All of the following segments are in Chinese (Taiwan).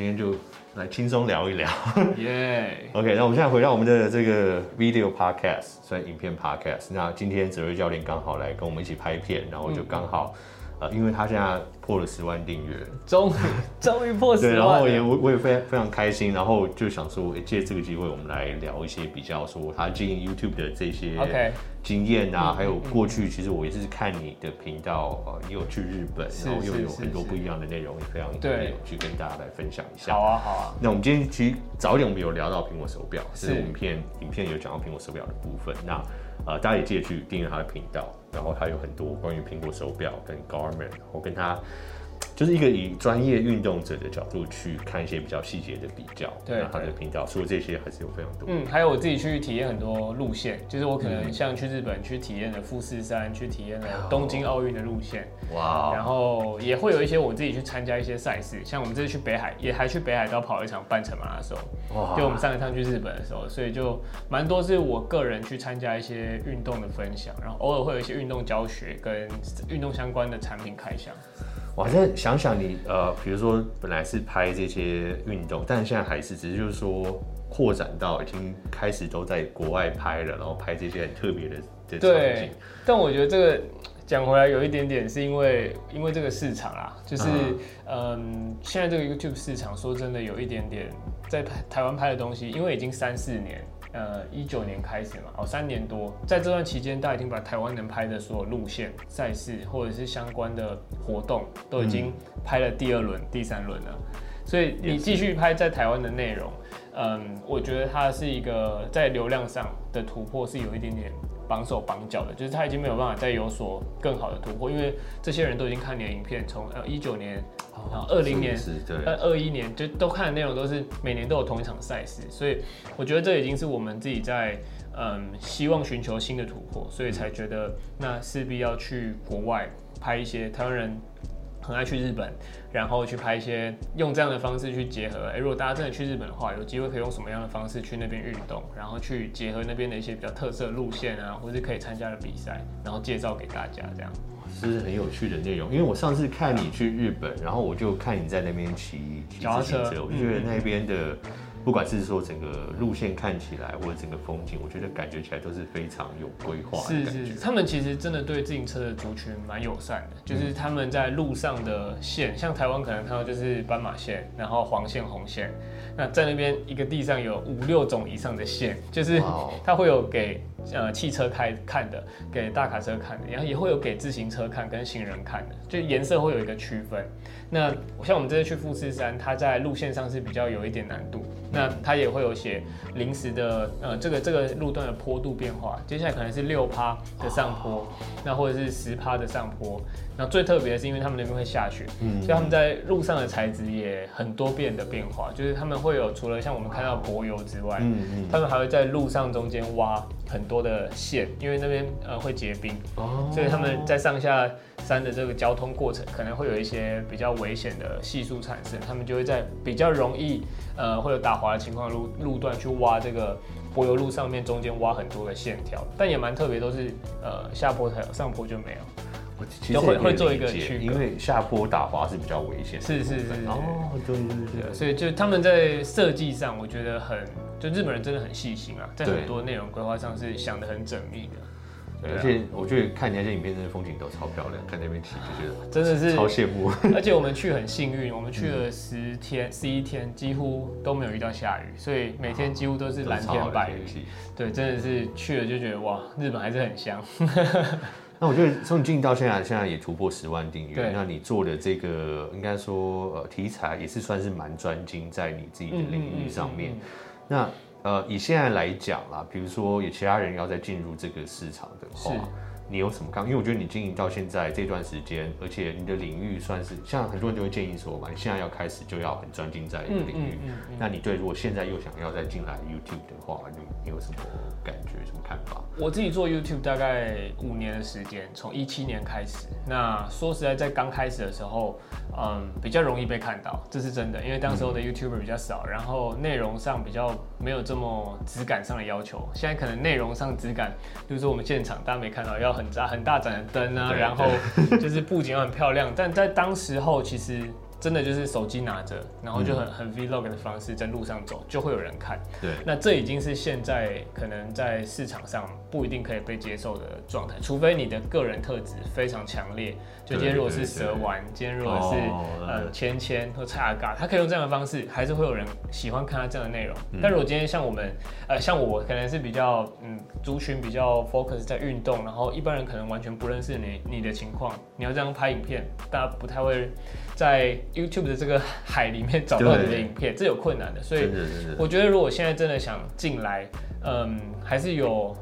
今天就來輕鬆聊一聊。耶 Yeah.，OK，那我們現在回到我們的這個 video podcast，算影片 podcast。那今天哲睿教練剛好來跟我們一起拍一片，然後就剛好、嗯。啊、呃，因為他現在破了十萬訂閱，終終於破十萬了， 對，然後也我我也非常非常開心，然後就想說借、欸、這個機會，我們來聊一些比較說他經營 YouTube 的這些經驗啊，Okay. 還有過去其實我也是看你的頻道，你、呃、有去日本，然後又有很多不一樣的內容，也非常有對去跟大家來分享一下。好啊，好啊。那我們今天其實早一點我們有聊到蘋果手錶，是我影片影片有講到蘋果手錶的部分。那、呃、大家也記得去訂閱他的頻道。然後他有很多關於蘋果手表跟 g a r m e n t 我跟他。就是一個以專業運動者的角度去看一些比較細節的比較，對，然後他的頻道說這些還是有非常多，嗯，還有我自己去體驗很多路線，就是我可能像去日本去體驗了富士山，嗯、去體驗了東京奧運的路線，哇呦，然後也會有一些我自己去參加一些賽事，哇像我們這次去北海也還去北海道跑了一場半程馬拉松，就哇我們上一趟去日本的時候，所以就蠻多是我個人去參加一些運動的分享，然後偶爾會有一些運動教學跟運動相關的產品開箱。好像想想你呃，比如說本來是拍這些運動，但現在還是只是就是說擴展到已經開始都在國外拍了，然後拍這些很特別的場景。對，但我覺得這個講回來有一點點是因為因為這個市場啊，就是嗯啊，嗯，現在這個 YouTube 市場說真的有一點點在台灣拍的東西，因為已經三四年，呃，一九年開始嘛，哦，三年多，在這段期間，大家已經把台灣能拍的所有路線、賽事或者是相關的活動都已經拍了第二輪、第三輪了。嗯、所以你繼續拍在台灣的內容，Yes. 嗯，我覺得它是一個在流量上的突破，是有一點點。綁手綁腳的，就是他已經沒有辦法再有所更好的突破，因為這些人都已經看你的影片，從呃一九年，然後二零年，哦呃，二一年就都看的內容都是每年都有同一場賽事，所以我覺得這已經是我們自己在嗯，希望尋求新的突破，所以才覺得那勢必要去國外拍一些台灣人。很愛去日本，然後去拍一些，用這樣的方式去結合。欸，如果大家真的去日本的話，有機會可以用什麼樣的方式去那邊運動，然後去結合那邊的一些比較特色的路線啊，或是可以參加的比賽，然後介紹給大家，這樣是很有趣的內容。因為我上次看你去日本，然後我就看你在那邊騎騎自行車、腳踏車，我就覺得那邊的。嗯不管是說整個路線看起來，或者整個風景，我覺得感覺起來都是非常有規劃的感覺。是是，他們其實真的對自行車的族群蠻友善的，嗯、就是他們在路上的線，像台灣可能看到就是斑馬線，然後黃線、紅線。那在那邊一個地上有五六種以上的線，就是它會有給 Wow. 呃汽車開看的，給大卡車看的，然後也會有給自行車看跟行人看的，就顏色會有一個區分。那像我們這次去富士山，它在路線上是比較有一點難度。那它也會有寫臨時的，呃，這個這個路段的坡度變化，接下來可能是六趴的上坡，Oh. 那或者是十趴的上坡。那最特別的是，因為他們那邊會下雪，嗯嗯嗯，所以他們在路上的材質也很多變的變化，就是他們會有除了像我們看到柏油之外，嗯嗯，他們還會在路上中間挖。很多的線，因為那邊呃會結冰，哦，所以他們在上下山的這個交通過程，可能會有一些比較危險的係數產生，他們就會在比較容易呃會有打滑的情況路路段去挖這個柏油路上面中間挖很多的線條，但也蠻特別，都是呃下坡才有，上坡就沒有，我其實會會做一個區，因為下坡打滑是比較危險，是是是哦，對對對，對，對，所以就他們在設計上，我覺得很。就日本人真的很細心啊，在很多內容規劃上是想的很縝密的。對啊、而且我覺得看人家這影片，真的風景都超漂亮，看那邊其就覺得真的是超羨慕。而且我們去很幸運，我們去了十天十，嗯、一天，幾乎都沒有遇到下雨，所以每天幾乎都是藍天，啊、是天白雲。對，真的是去了就覺得哇，日本還是很香。 那我覺得從你進到現在，現在也突破十萬訂閱。對那你做的這個應該說呃題材也是算是蠻專精在你自己的領域上面。嗯嗯嗯嗯那呃，以現在來講啦，比如說有其他人要再進入這個市場的話。你有什麼剛？因為我覺得你經營到現在這段時間，而且你的領域算是像很多人就會建議說嘛，你現在要開始就要很專精在一個領域。嗯嗯嗯、那你對如果現在又想要再進來 YouTube 的話，你有什麼感覺？什麼看法？我自己做 YouTube 大概五年的時間，從一七年開始。那說實在，在剛開始的時候，嗯，比較容易被看到，這是真的，因為當時候的 YouTuber 比較少，然後內容上比較沒有這麼質感上的要求。現在可能內容上質感，比如說我們現場大家沒看到要。很，很大很大盞的燈啊，對對對，然後就是布景很漂亮， 但在當時候其實。真的就是手機拿着，然後就很很 vlog 的方式在路上走，嗯、就會有人看。對，那這已經是現在可能在市場上不一定可以被接受的狀態，除非你的個人特質非常強烈。就今天如果是蛇丸，對對對，今天如果是呃千千或蔡阿嘎，他、哦、可以用這樣的方式，還是會有人喜歡看他這樣的內容。嗯、但如果今天像我們，呃，像我可能是比較嗯族群比較 focus 在運動，然後一般人可能完全不認識你你的情況，你要這樣拍影片，大家不太會。在 YouTube 的這個海裡面找到你的影片。對對對，這有困難的。所以我覺得，如果現在真的想進來，嗯，還是有。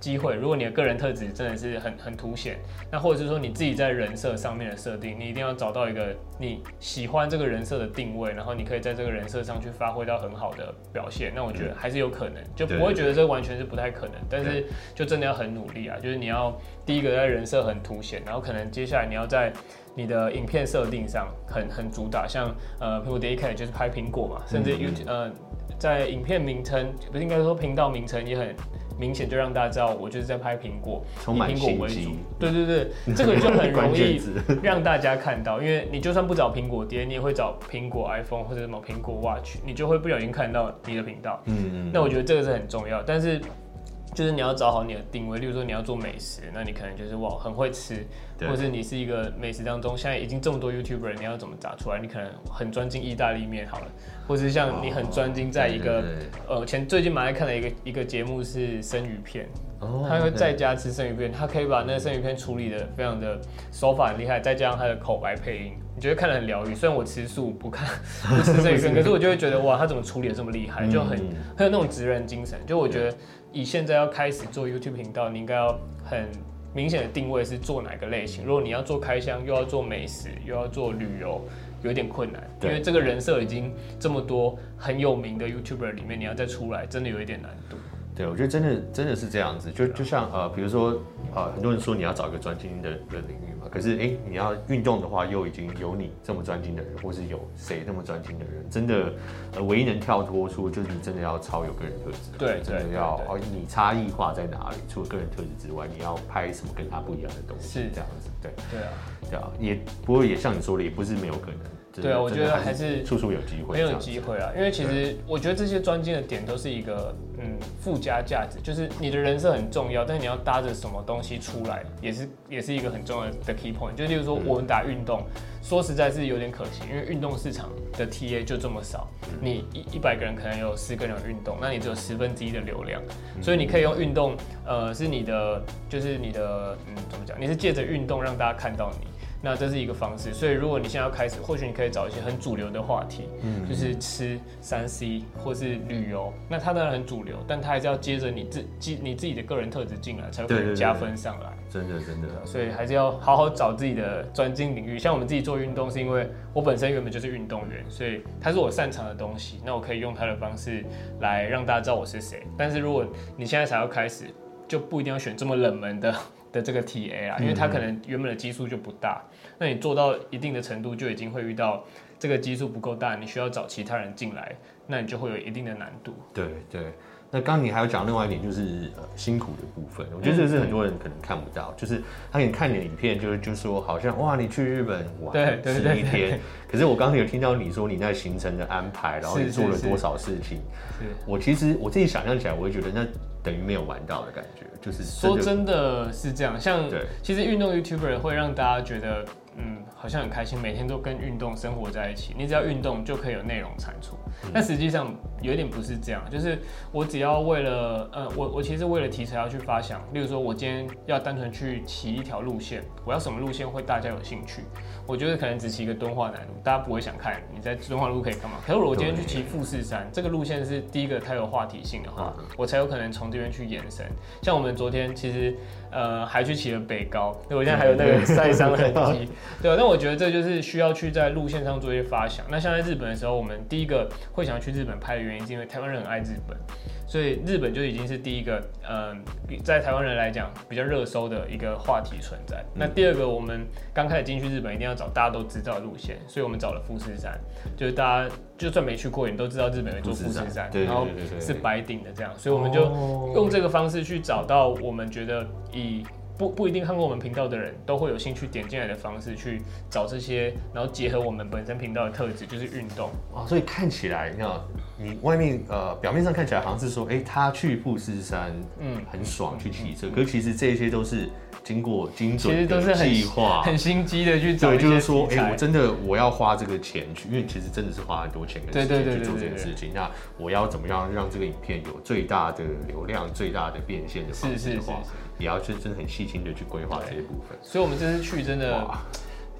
機會，如果你的個人特質真的是很很凸顯，那或者是說你自己在人設上面的設定，你一定要找到一個你喜歡這個人設的定位，然後你可以在這個人設上去發揮到很好的表現，那我覺得還是有可能，就不會覺得這完全是不太可能，對對對，但是就真的要很努力啊，就是你要第一個在人設很凸顯，然後可能接下來你要在你的影片設定上很很主打，像呃蘋果爹就是拍蘋果嘛，甚至 YouTube、嗯嗯、呃在影片名稱不是應該說頻道名稱也很。明顯就讓大家知道我就是在拍蘋果，以蘋果為主。對對對，這個就很容易讓大家看到，因為你就算不找蘋果爹，你也會找蘋果 iPhone 或者什麼蘋果 Watch，你就會不小心看到你的頻道。嗯嗯，那我覺得這個是很重要，但是。就是你要找好你的定位，例如說你要做美食，那你可能就是哇很會吃。對或是你是一個美食當中現在已經這麼多 YouTuber，你要怎麼打出來？你可能很專精意大利麵好了，或者是像你很專精在一個，對對對，呃，前最近馬愛看的一個一個節目是生魚片，oh, okay 他會在家吃生魚片，他可以把那個生魚片處理的非常的，手法很厲害，再加上他的口白配音，你覺得看得很療癒。雖然我吃素不看不吃生魚片， 可是我就會覺得哇他怎麼處理的這麼厲害，就很、嗯、很有那種職人精神，就我覺得。Yeah. 以現在要開始做 YouTube 頻道，你應該要很明顯的定位是做哪個類型。如果你要做開箱，又要做美食，又要做旅游，有點困難，對因為這個人設已經這麼多很有名的 YouTuber 裡面，你要再出來，真的有一點難度。對，我覺得真的真的是這樣子，就就像呃，比如說、呃、很多人說你要找一個專精的的領域。可是，誒、欸，你要運動的話，又已經有你這麼專精的人，或是有誰這麼專精的人，真的，呃、唯一能跳脫出就是你真的要超有個人特質，對，真的要，對對對，哦，你差異化在哪裡？除了個人特質之外，你要拍什麼跟他不一樣的東西？是這樣子，對，對啊，這樣，也不過也像你說的，也不是沒有可能。對啊，我覺得還是處處有機會，沒有機會啊。因為其實我覺得這些專精的點都是一個嗯附加價值，就是你的人設很重要，但是你要搭着什麼東西出來，也是也是一個很重要的 key point。就是例如說我們打運動，說實在是有點可惜，因為運動市場的 TA 就這麼少，你一一百個人可能有四個人運動，那你只有十分之一的流量，所以你可以用運動，呃，是你的，就是你的，嗯，怎麼講？你是借着運動讓大家看到你。那這是一個方式，所以如果你現在要開始，或許你可以找一些很主流的話題，嗯，就是吃 3C 或是旅遊，嗯、那它當然很主流，但它還是要接着你自你自己的個人特質進來，才會加分上來，對對對。真的，真的、啊。所以還是要好好找自己的專精領域，像我們自己做運動，是因為我本身原本就是運動員，所以它是我擅長的東西，那我可以用它的方式來讓大家知道我是誰。但是如果你現在才要開始，就不一定要選這麼冷門的。的這個 TA 啊，因為他可能原本的基數就不大，嗯、那你做到一定的程度，就已經會遇到這個基數不夠大，你需要找其他人進來，那你就會有一定的難度。對對，那剛剛你還有講另外一點，就是、呃、辛苦的部分，我覺得這是很多人可能看不到，嗯、就是他你、嗯就是、看你的影片就，就是就說好像哇，你去日本玩十一天，對對對對，可是我剛才有聽到你說你在行程的安排，然後你做了多少事情，是是是，我其實我自己想象起來，我會覺得那。等於沒有玩到的感覺，就是說，真的是這樣。像對其實運動 YouTuber 會讓大家覺得，嗯。好像很開心，每天都跟運動生活在一起。你只要運動就可以有內容產出，嗯、但實際上有一點不是這樣。就是我只要為了，呃、嗯，我我其實為了題材要去發想。例如說，我今天要單純去騎一條路線，我要什麼路線會大家有興趣？我覺得可能只騎一個敦化南路，大家不會想看。你在敦化路可以幹嘛？可是如果我今天去騎富士山，嗯、這個路線是第一個它有話題性的話，嗯、我才有可能從這邊去延伸。像我們昨天其實，呃、還去騎了北高，嗯、對我現在還有那個曬傷痕跡。 好對。那我覺得這就是需要去在路線上做一些發想。那像在日本的時候，我們第一個會想要去日本拍的原因，是因為台灣人很愛日本，所以日本就已經是第一個，嗯，在台灣人來講比較熱搜的一個話題存在。嗯、那第二個，我們剛開始進去日本，一定要找大家都知道的路線，所以我們找了富士山，就是大家就算沒去過也，也都知道日本人做富士山，對對對對，然後是白頂的這樣，所以我們就用這個方式去找到我們覺得以。不不一定，看過我們頻道的人都會有興趣點進來的方式去找這些，然後結合我們本身頻道的特質，就是運動啊，所以看起來那。你你外面呃，表面上看起來好像是說，哎、欸，他去富士山嗯嗯，嗯，很、嗯、爽，去騎車。可是其實這些都是經過精準的計劃，畫很心機的去找對，就是說，哎、欸，我真的我要花這個錢去，因為其實真的是花很多錢跟時間去做這件事情。那我要怎麼樣讓這個影片有最大的流量、嗯、最大的變現的方式，的話，是是是是，也要真真的很細心的去規劃這些部分。所以，我們這次去真的。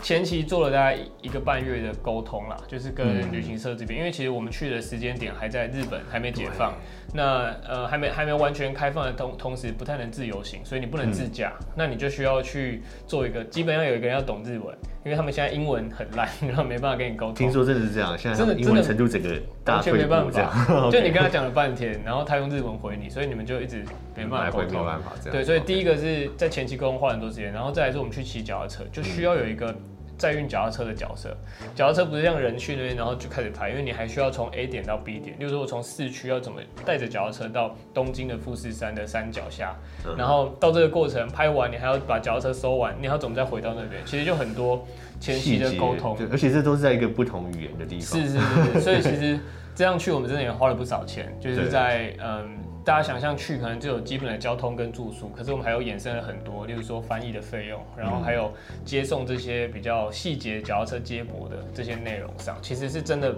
前期做了大概一個半月的溝通啦，就是跟旅行社這邊，嗯、因為其實我們去的時間點還在日本還沒解放，對那呃還沒還沒完全開放的同同時不太能自由行，所以你不能自駕，嗯、那你就需要去做一個，基本上有一個人要懂日文，因為他們現在英文很爛，然後沒辦法跟你溝通。聽說這是這樣，現在英文程度真的真的程度整個完全沒辦法 就你跟他講了半天，然後他用日文回你，所以你們就一直沒辦法溝通。回沒辦法對，所以第一個是在前期溝通花很多時間，然後再來是我們去騎腳踏車，嗯、就需要有一個。在運腳踏車的角色，腳踏車不是像人去那邊，然後就開始拍，因為你還需要從 A 點到 B 點。例如說，我從市區要怎麼帶着腳踏車到東京的富士山的山腳下，嗯、然後到這個過程拍完，你還要把腳踏車收完，你還要怎麼再回到那邊？其實就很多前期的溝通，對，而且這都是在一個不同語言的地方。是是是，是，是，所以其實這樣去，我們真的也花了不少錢，就是在對嗯。大家想象去可能就有基本的交通跟住宿，可是我們還有衍生了很多，例如說翻譯的費用，然後還有接送這些比較細節，腳踏車接駁的這些內容上，其實是真的，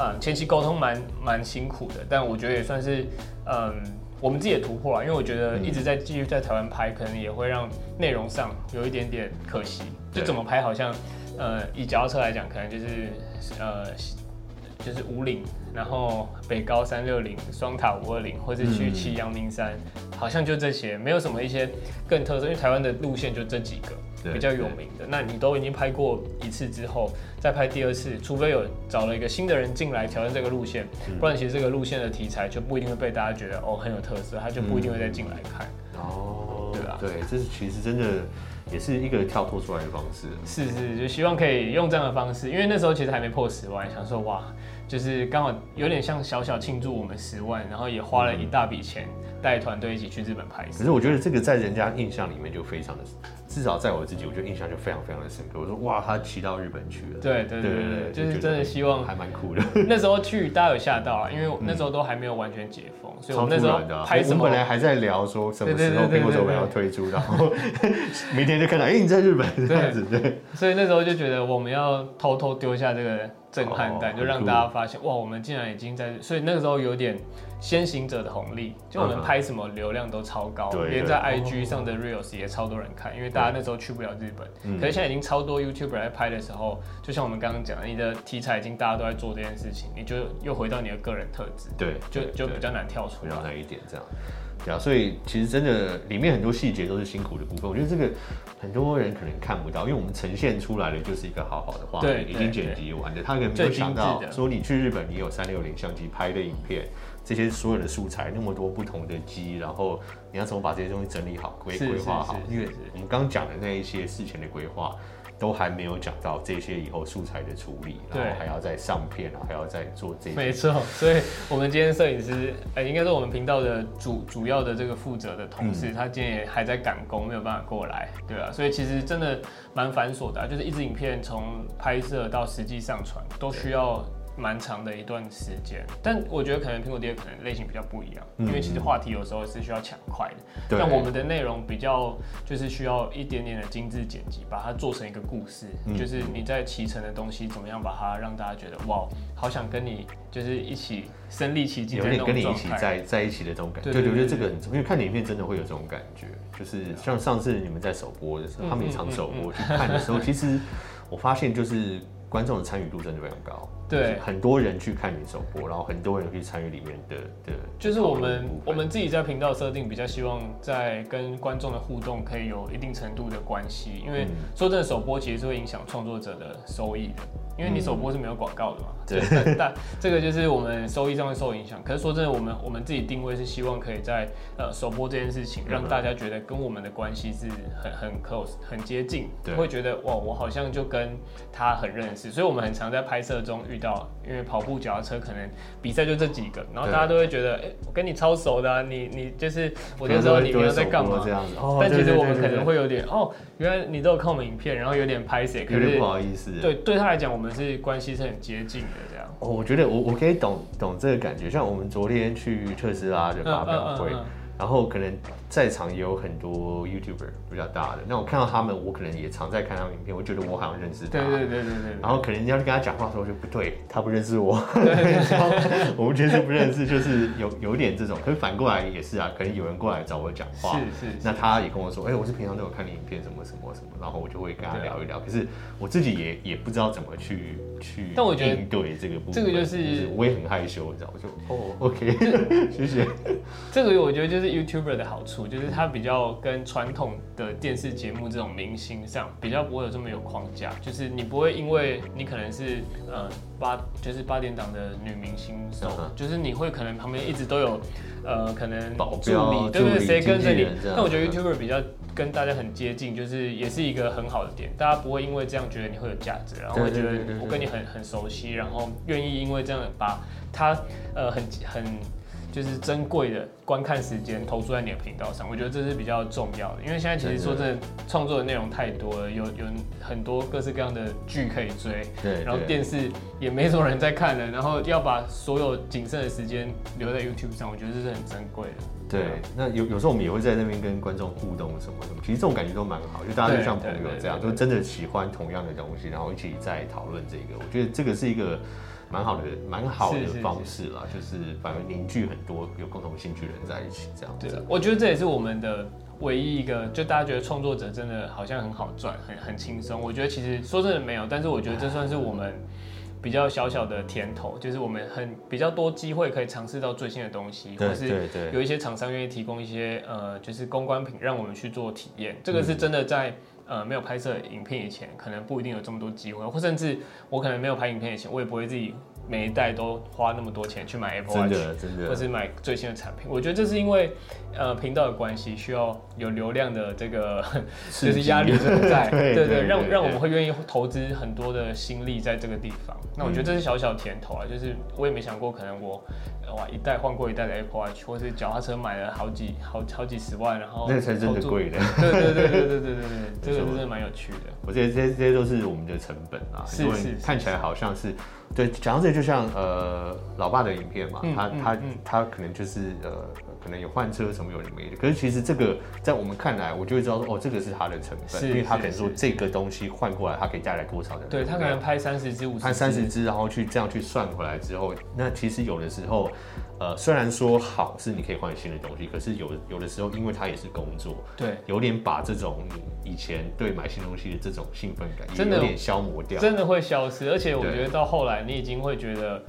嗯，前期溝通蠻蠻辛苦的，但我覺得也算是，嗯，我們自己也突破了，因為我覺得一直在繼續在台灣拍，可能也會讓內容上有一點點可惜，就怎麼拍好像，呃，嗯，以腳踏車來講，可能就是，呃，就是武嶺，然後北高三六零，雙塔五二零，或者去騎陽明山，嗯，好像就這些，沒有什麼一些更特色。因為台灣的路線就這幾個對比較有名的，對那你都已經拍過一次之後，再拍第二次，除非有找了一個新的人進來挑戰這個路線，嗯，不然其實這個路線的題材就不一定會被大家覺得哦很有特色，它就不一定會再進來看。哦，嗯，對吧？對，這是其實真的。也是一個跳脫出來的方式，是是，就希望可以用這樣的方式，因為那時候其實還沒破十萬，想說哇，就是剛好有點像小小慶祝我們十萬，然後也花了一大筆錢帶團隊一起去日本拍攝。可是我覺得這個在人家印象裡面就非常的。至少在我自己，我就印象就非常非常的深刻。我說哇，他騎到日本去了。對對對對，對對對，就是真的希望還蠻酷的。那時候去，大家有嚇到啊，因為那時候都還沒有完全解封，嗯、所以我們那時候，時候、啊、我們本來還在聊說什麼時候蘋果手表要推出，然後明天就看到哎、欸、你在日本，這樣子。對。對所以那時候就覺得我們要偷偷丟下這個震撼彈就讓大家發現、oh, 哇，我們竟然已經在，所以那個時候有點先行者的紅利，就我們拍什麼流量都超高，連、uh huh. 在 IG 上的 Reels 也超多人看，因為大家那時候去不了日本，對可是現在已經超多 YouTuber 在拍的時候，嗯、就像我們剛剛講的，你的題材已經大家都在做這件事情，你就又回到你的個人特質，對、嗯，就就比較難跳出來，要來一點這樣。對啊，所以其實真的裡面很多細節都是辛苦的部分。我覺得這個很多人可能看不到，因為我們呈現出來的就是一個好好的畫面，對對對，已經剪輯完的。他可能沒有想到說，你去日本，你有三六零相機拍的影片，這些所有的素材那麼多不同的機，然後你要怎麼把這些東西整理好，規規劃好？是是是是，因為我們剛剛講的那一些事前的規劃。都還沒有講到這些以後素材的處理，然後還要再上片，然後還要再做這些。沒錯，所以我們今天攝影師，哎、欸，應該是我們頻道的主主要的這個負責的同事，嗯、他今天也還在趕工，沒有辦法過來，對啊，所以其實真的蠻繁瑣的、啊，就是一支影片從拍攝到實際上傳，都需要。蠻長的一段時間，但我覺得可能蘋果爹可能類型比較不一樣，因為其實話題有時候是需要搶快的，嗯、但我們的內容比較就是需要一點點的精緻剪輯，把它做成一個故事，嗯、就是你在騎乘的東西怎麼樣把它讓大家覺得、嗯、哇，好想跟你就是一起身歷其境，有點跟你一起在在一起的這種感覺。對，我覺得這個很重要，因為看影片真的會有這種感覺，就是像上次你們在首播的時候，嗯、他們也常首播去看的時候，嗯嗯嗯嗯、其實我發現就是觀眾的參與度真的非常高。對，很多人去看你首播，然後很多人可以參與裡面的對。的就是我們我們自己在頻道設定比較希望在跟觀眾的互動可以有一定程度的關係，因為說真的，首播其實是會影響創作者的收益的，因為你首播是沒有廣告的嘛，嗯、對。但，但這個就是我們收益上會受影響。可是說真的，我們我們自己定位是希望可以在呃首播這件事情，讓大家覺得跟我們的關係是很很 close 很接近，對，會覺得哇，我好像就跟他很認識，所以我們很常在拍攝中遇。到，因為跑步、腳踏車可能比賽就這幾個，然後大家都會覺得，哎對，我、欸、跟你超熟的、啊，你你就是，我就知道你沒有在幹嘛？這樣子。哦、但其實我們可能會有點，對對對對哦，原來你都有看我們影片，然後有點拍謝，可有點不好意思。對，對他來講，我們是關係是很接近的這樣。哦，我覺得我我可以懂懂這個感覺，像我們昨天去特斯拉的發表會。嗯嗯嗯嗯然後可能在場也有很多 YouTuber 比較大的，那我看到他們，我可能也常在看他們影片，我覺得我好像認識他。對對對對對、對。然後可能人家跟他講話的時候就不對，他不認識我。對對對 我們覺得是不認識，就是有有點這種。可反過來也是啊，可能有人過來找我講話。是是、是。那他也跟我說，哎是、欸，我是平常都有看你影片，什麼什麼什麼，然後我就會跟他聊一聊。對對對對，可是我自己也也不知道怎麼去去應對。但我覺得對這個，這個就是我也很害羞，你知道，我就說哦 OK 謝謝。這個我覺得就是。YouTuber 的好處就是它比較跟傳統的電視節目這種明星上比較不會有這麼有框架，就是你不會因為你可能是呃八就是八點檔的女明星，嗯、哼就是你會可能旁邊一直都有呃可能保你鏢，對不對誰理跟着你，但我覺得 YouTuber 比較跟大家很接近，就是也是一個很好的點，嗯、哼大家不會因為這樣覺得你會有價值，然後會覺得我跟你很很熟悉，然後願意因為這樣把他呃很很。很就是珍貴的觀看時間，投出在你的頻道上，我覺得這是比較重要的。因為現在其實說真的，創作的內容太多了，有有很多各式各樣的劇可以追。對。然後電視也沒什麼人在看了，然後要把所有僅剩的時間留在 YouTube 上，我覺得這是很珍貴的。對啊、對。那有有時候我們也會在那邊跟觀眾互動什麼什麼，其實這種感覺都蠻好，就大家就像朋友這樣，就真的喜歡同樣的東西，然後一起在討論這個，我覺得這個是一個。蠻好的，蠻好的方式啦，是是是，就是反而凝聚很多有共同興趣的人在一起，這樣子對。對，我覺得這也是我們的唯一一個，就大家覺得創作者真的好像很好賺，很很輕鬆。我覺得其實說真的沒有，但是我覺得這算是我們比較小小的甜頭，就是我們很比較多機會可以嘗試到最新的東西，或是有一些廠商願意提供一些呃，就是公關品讓我們去做體驗。這個是真的在。呃，沒有拍攝影片以前，可能不一定有這麼多機會，或甚至我可能沒有拍影片以前，我也不會自己。每一代都花那麼多錢去買 Apple Watch，真的真的或是買最新的產品，我覺得這是因為呃頻道的關係，需要有流量的這個激 就是壓力存在，對對，讓讓我們會願意投資很多的心力在這個地方。那我覺得這是小小甜頭啊，嗯、就是我也沒想過可能我哇一代換過一代的 Apple Watch，或是腳踏車買了好幾好好幾十萬，然後那個才真的貴了。注 對對對對對對對,對,對這個真的蠻有趣的。我覺得這這些都是我們的成本啊，是是,是,是看起來好像是。對，講到這就像呃，老爸的影片嘛，嗯、他他他可能就是呃，可能有換車什麼有的沒的，可是其實這個在我們看來，我就會知道說哦，這個是他的成分是因為他可能說這個東西換過來，他可以帶來多少的。但對，他可能拍三十支五十，拍三十支，然後去這樣去算回來之後，那其實有的時候，呃，雖然說好是你可以換新的東西，可是有有的時候，因為他也是工作，對，有點把這種以前對買新東西的這種興奮感，有點消磨掉真，真的會消失。而且我覺得到後來對。你已經會覺得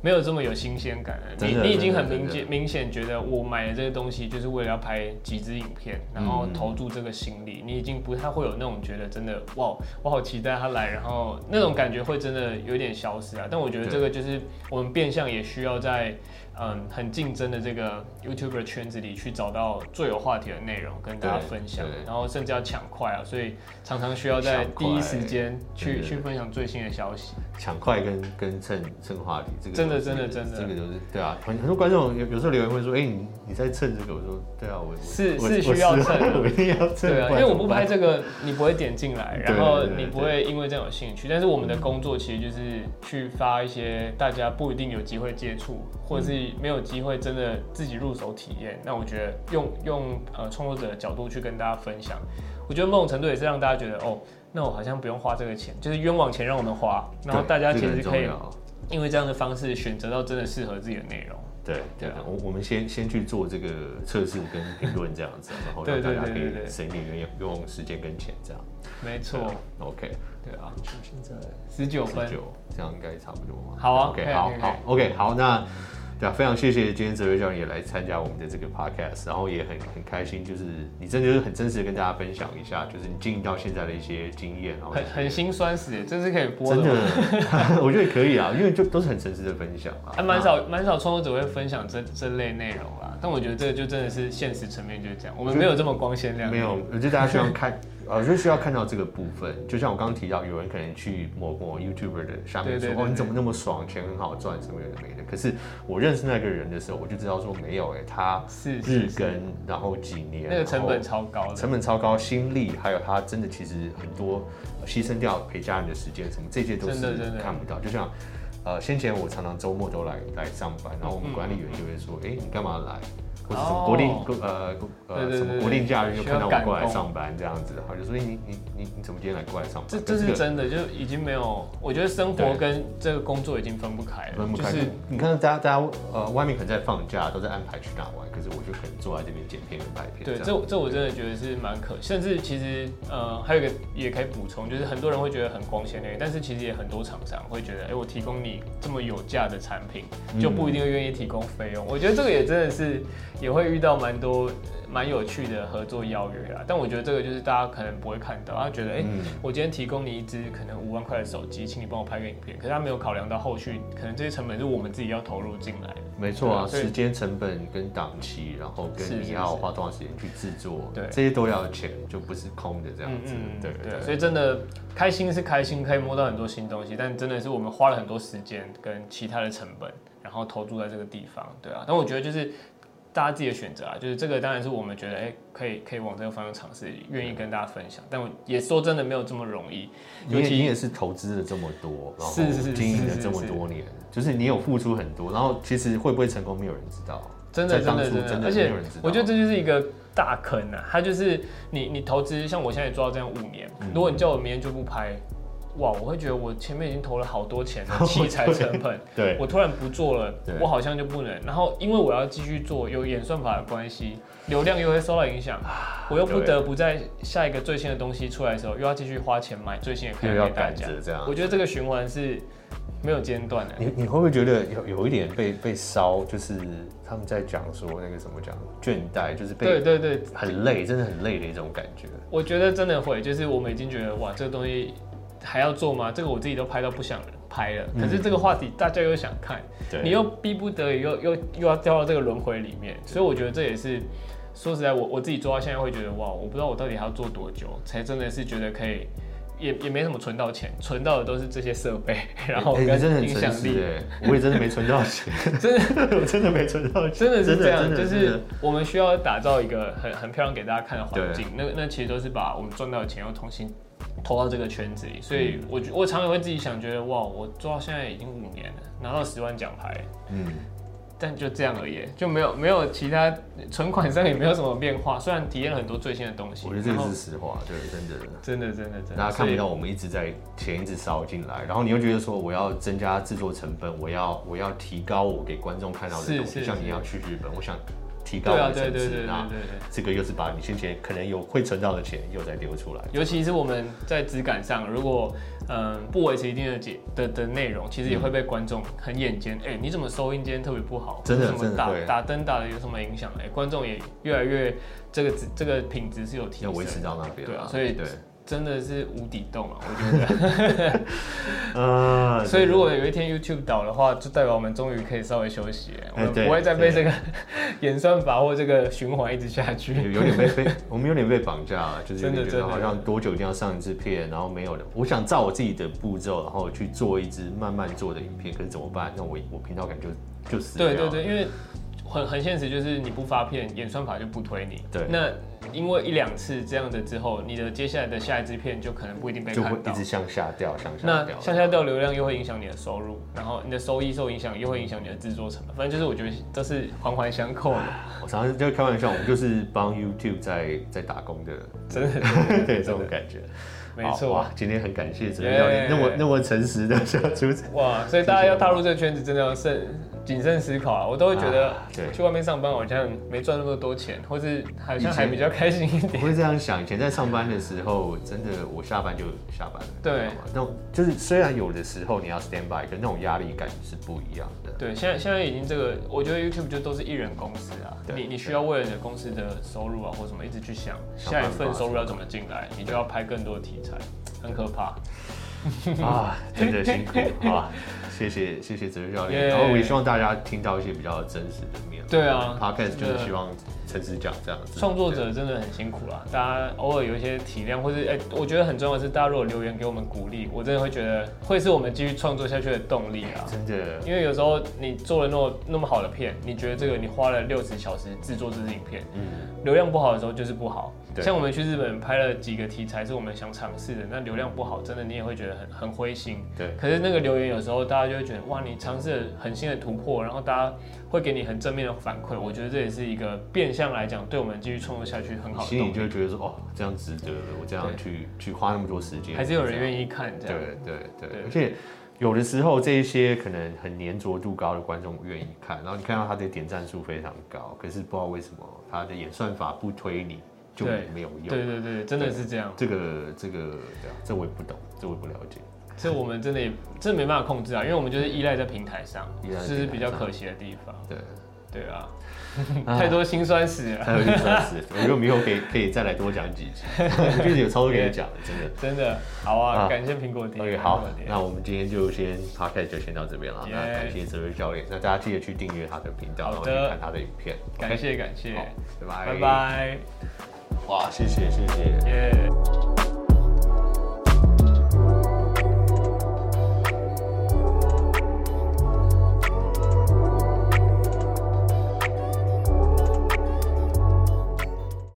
沒有這麼有新鮮感了，你你已經很明顯明顯覺得我買的這個東西就是為了要拍幾支影片，然後投注這個心理，你已經不太會有那種覺得真的哇，我好期待他來，然後那種感覺會真的有點消失啊。但我覺得這個就是我們變相也需要在。嗯，很競爭的這個 YouTuber 圈子裡去找到最有話題的內容跟大家分享，對對對，然後甚至要搶快啊，所以常常需要在第一時間去對對對，去分享最新的消息。搶快跟跟蹭蹭話題，這個真的真的真的，真的真的這個就是對啊，很很多觀眾有有時候留言會說，哎、欸，你你在蹭這個，我說對啊，我是是需要蹭、啊，我，我一定要蹭，對啊，因為我不拍這個，你不會點進來，然後你不會因為這樣有興趣，對對對對，但是我們的工作其實就是去發一些大家不一定有機會接觸或者是、嗯。沒有機會真的自己入手體驗，那我覺得用用呃創作者的角度去跟大家分享，我覺得某種程度也是讓大家覺得哦，那我好像不用花這個錢，就是冤枉錢讓我們花，然後大家其實可以因為這樣的方式選擇到真的適合自己的內容。對對，我們先先去做這個測試跟評論這樣子，然後讓大家可以省點冤冤枉時間跟錢這樣。沒錯。OK。對啊。現在十九分。十九，這樣應該也差不多嘛？好啊。OK，好好，OK，好那。對啊，非常謝謝今天哲睿教授也來參加我們的這個 podcast，然後也很很開心，就是你真的就是很真實的跟大家分享一下，就是你經營到現在的一些經驗啊，很很心酸死，真是可以播的，真的， 我覺得也可以啊，因為就都是很誠實的分享啊。還蠻少蠻那少創作者會分享這這類內容啦，但我覺得這個就真的是現實層面，就是這樣我，我們沒有這麼光鮮亮麗，沒有，我覺得大家喜歡看。 呃，就需要看到這個部分，就像我剛剛提到，有人可能去某某 YouTuber 的下面說，對對對對哦，你怎麼那麼爽，錢很好賺，什麼有的沒的。可是我認識那個人的時候，我就知道說沒有、欸，哎，他是日更，然後幾年那個成本超高，成本超高，對對對心力還有他真的其實很多犧牲掉陪家人的時間，什麼這些都是看不到。對對就像、呃、先前我常常周末都來來上班，然後我們管理員就會說，哎、嗯欸，你幹嘛來？國定呃、哦、呃，呃什麼國定假日，就看到我過來上班這樣子的話，就說你你你你怎麼今天來過來上班？這、這個、這是真的，就已經沒有。我覺得生活跟這個工作已經分不開了，分不開，、就是你看大家大家呃外面可能在放假，都在安排去哪玩，可是我就可能坐在這邊剪片跟拍片、片。對，這這我真的覺得是蠻可。甚至其實呃還有一個也可以補充，就是很多人會覺得很光鮮的，但是其實也很多廠商會覺得，哎、欸，我提供你這麼有價的產品，就不一定會願意提供費用。嗯、我覺得這個也真的是。也會遇到蠻多蠻有趣的合作邀約啊，但我覺得這個就是大家可能不會看到，他覺得，哎、欸，嗯、我今天提供你一支可能五萬塊的手機，請你幫我拍個影片，可是他沒有考量到後續可能這些成本是我們自己要投入進來的。沒錯啊，時間成本跟檔期，然後跟你要花多少時間去制作是是，對，對這些都要錢，就不是空的這樣子。對、嗯嗯、對，對對所以真的開心是開心，可以摸到很多新東西，但真的是我們花了很多時間跟其他的成本，然後投注在這個地方，對啊。但我覺得就是。大家自己的選擇啊，就是這個當然是我們覺得哎、欸，可以可以往這個方向嘗試，願意跟大家分享。但我也說真的沒有這麼容易，尤其你也，你也是投資了這麼多，然後經營了這麼多年，就是你有付出很多，然後其實會不會成功，沒有人知道。真的真的，真的真的，而且我覺得這就是一個大坑啊！它就是你你投資，像我現在也做到這樣五年，如果你叫我明天就不拍。哇，我會覺得我前面已經投了好多錢，器材成本， 對，我突然不做了，對對我好像就不能。然後因為我要繼續做，有演算法的關係，流量又會受到影響，我又不得不在下一個最新的東西出來的時候，對又要繼續花錢買最新也可以給代價。這樣，我覺得這個循環是沒有間斷的。你你會不會覺得有有一點被被燒？就是他們在講說那個什麼講倦怠，就是被對對對，很累，真的很累的一種感覺。對我覺得真的會，就是我們已經覺得哇，這個東西。還要做嗎？這個我自己都拍到不想拍了。嗯、可是這個話題大家又想看，對你又逼不得已，又又又要掉到這個輪回裡面。對所以我覺得這也是，說實在我，我我自己做到現在會覺得哇，我不知道我到底還要做多久，才真的是覺得可以，也也沒什麼存到錢，存到的都是這些設備。然後、欸，你真的很誠實，欸、影響力我也真的沒存到錢， 真的 我真的沒存到錢，真的是這樣，就是我們需要打造一個很很漂亮給大家看的環境。對那那其實都是把我們賺到的錢又重新。投到這個圈子裡，所以我我常常會自己想，覺得哇，我做到現在已經五年了，拿到十萬獎牌，嗯，但就這樣而已，就沒有沒有其他存款上也沒有什麼變化，雖然體驗了很多最新的東西。我覺得這是實話，後對，真的，真的，真的真的真。大家看不到我們一直在以錢一直燒進來，然後你又覺得說我要增加製作成本，我要我要提高我給觀眾看到的東西，像你要去日本，我想。提高層次對對對，對，對，對對對。這個又是把你先前可能有會存到的錢又再丟出來。尤其是我們在質感上，如果嗯、呃、不維持一定的節的的內容，其實也會被觀眾很眼尖。哎、嗯，欸，你怎麼收音間特別不好？真的什麼？真的打打燈打的有什麼影響？哎、欸，觀眾也越來越這個質對這個品質是有提升，要維持到那邊。對啊，所以對。真的是無底洞啊，我覺得。所以如果有一天 YouTube 倒的話，就代表我們終於可以稍微休息了，對我們不會再被這個演算法或這個循環一直下去。有點被被， 我們有點被綁架了，就是真的覺得好像多久一定要上一支片，然後沒有了。我想照我自己的步驟，然後去做一支慢慢做的影片，可是怎麼辦？那我我頻道感就就死掉了。對對對，因為。很很現實，就是你不發片，演算法就不推你。對，那因為一兩次這樣的之後，你的接下來的下一支片就可能不一定被推。就會一直向下掉，向下掉，向下掉，流量又會影響你的收入，然後你的收益受影響，又會影響你的製作成本。反正就是我覺得都是環環相扣。我常常就開玩笑，我們就是幫 YouTube 在在打工的，真的很對這種感覺。沒錯，哇，今天很感謝陳教練那麼那麼誠實的主持人。哇，所以大家要踏入這個圈子，真的要慎。謹慎思考啊，我都會覺得、啊、去外面上班，好像沒賺那麼多錢，或是好像還比較開心一點。我會這樣想，以前在上班的時候，真的我下班就下班了。對，那種就是雖然有的時候你要 stand by，跟那種壓力感覺是不一樣的。對，現在現在已經這個，我覺得 YouTube 就都是一人公司啊，對你你需要為了你的公司的收入啊，或什麼一直去想下一份收入要怎麼進來，對你就要拍更多的題材，很可怕。對 啊，真的辛苦啊。謝謝謝謝哲睿教練，Yeah. 然後我也希望大家聽到一些比較真實的面。對啊 Yeah. 他開始就是希望誠實講這樣子。創作者真的很辛苦啦，大家偶爾有一些體諒，或是哎、欸，我覺得很重要的是，大家如果留言給我們鼓勵，我真的會覺得會是我們繼續創作下去的動力啊！真的，因為有時候你做了那麼那麼好的片，你覺得這個你花了六十小時制作這支影片，嗯、流量不好的時候就是不好。對像我們去日本拍了幾個題材是我們想嘗試的，那流量不好，真的你也會覺得很很灰心。對，對可是那個留言有時候大家就會覺得，哇，你嘗試了很新的突破，然後大家會給你很正面的反饋。哦，我覺得這也是一個變相來講，對我們繼續創作下去很好的動力。你就會覺得說，哦，這樣值得，我這樣去對去花那麼多時間，還是有人願意看這樣。對對對，而且有的時候這一些可能很黏着度高的觀眾願意看，然後你看到他的點讚數非常高，可是不知道為什麼他的演算法不推你。就沒有用。對對對，真的是這樣。這個這個，這我也不懂，這我也不了解。這我們真的也，這沒辦法控制啊，因為我們就是依賴在平台上，這是比較可惜的地方。對對啊，太多辛酸史了。太多辛酸史，我覺得我們以後可以可以再來多講幾句，就是有操作給你講，真的真的。好啊，感謝蘋果爹。好，那我們今天就先 podcast 就先到這邊了。那感謝這位教練，那大家記得去訂閱他的頻道，然後去看他的影片。感謝感謝，拜拜。哇，謝謝謝謝。Yeah.